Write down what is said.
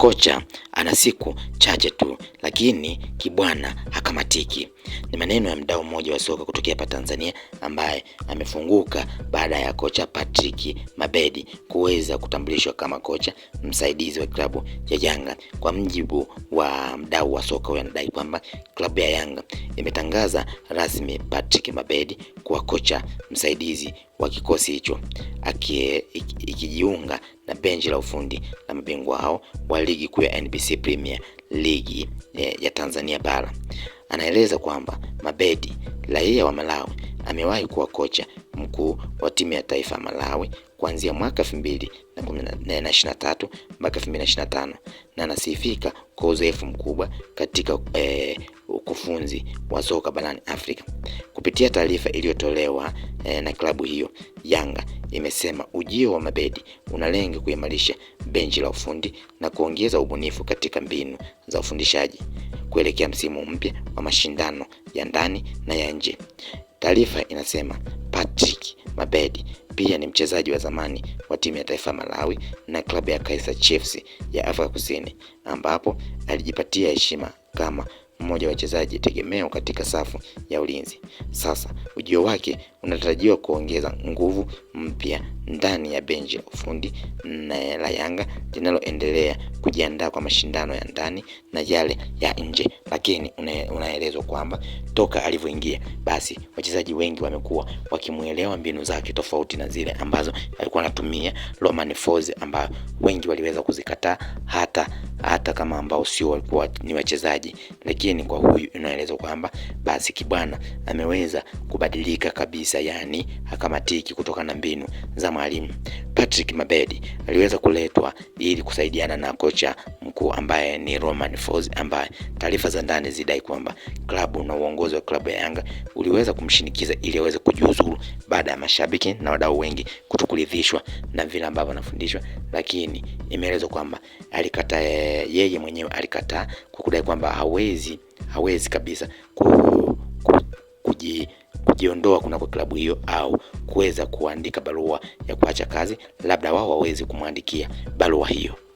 kocha ana siku chache tu, lakini kibwana hakamatiki. Ni maneno ya mdau mmoja wa soka kutokea hapa Tanzania ambaye amefunguka baada ya kocha Patrick Mabedi kuweza kutambulishwa kama kocha msaidizi wa klabu ya Yanga. Kwa mjibu wa mdau wa soka huyo, anadai kwamba klabu ya Yanga imetangaza rasmi Patrick Mabedi kuwa kocha msaidizi wa kikosi hicho ikijiunga na benchi la ufundi na mabingwa hao wa ligi kuu ya NBC Premier e, ya Tanzania bara. Anaeleza kwamba Mabedi, raia wa Malawi, amewahi kuwa kocha mkuu wa timu ya taifa ya Malawi kuanzia mwaka 2023 mpaka 2025 na anasifika kwa uzoefu mkubwa katika e, ukufunzi wa soka barani Afrika. Kupitia taarifa iliyotolewa eh, na klabu hiyo Yanga imesema ujio wa Mabedi unalenga kuimarisha benchi la ufundi na kuongeza ubunifu katika mbinu za ufundishaji kuelekea msimu mpya wa mashindano ya ndani na ya nje. Taarifa inasema Patrick Mabedi pia ni mchezaji wa zamani wa timu ya taifa Malawi na klabu ya Kaizer Chiefs ya Afrika Kusini ambapo alijipatia heshima kama mmoja wa wachezaji tegemeo katika safu ya ulinzi. Sasa ujio wake unatarajiwa kuongeza nguvu mpya ndani ya benchi la ufundi la Yanga linaloendelea kujiandaa kwa mashindano ya ndani na yale ya nje, lakini unaelezwa kwamba toka alivyoingia basi wachezaji wengi wamekuwa wakimuelewa mbinu zake tofauti na zile ambazo alikuwa anatumia Romain Folz, ambayo wengi waliweza kuzikataa hata hata kama ambao sio walikuwa ni wachezaji, lakini kwa huyu inaeleza kwamba basi kibwana ameweza kubadilika kabisa, yani hakamatiki kutokana na mbinu za mwalimu. Patrick Mabedi aliweza kuletwa ili kusaidiana na kocha mkuu ambaye ni Romain Folz, ambaye taarifa za ndani zidai kwamba klabu na uongozi wa klabu ya Yanga uliweza kumshinikiza ili aweze kujiuzuru baada ya mashabiki na wadau wengi kutokuridhishwa na vile ambavyo anafundishwa, lakini imeelezwa kwamba alikata yeye mwenyewe alikataa kwa kudai kwamba hawezi hawezi kabisa ku, ku, kuji kujiondoa kunako klabu hiyo au kuweza kuandika barua ya kuacha kazi, labda wao waweze kumwandikia barua hiyo.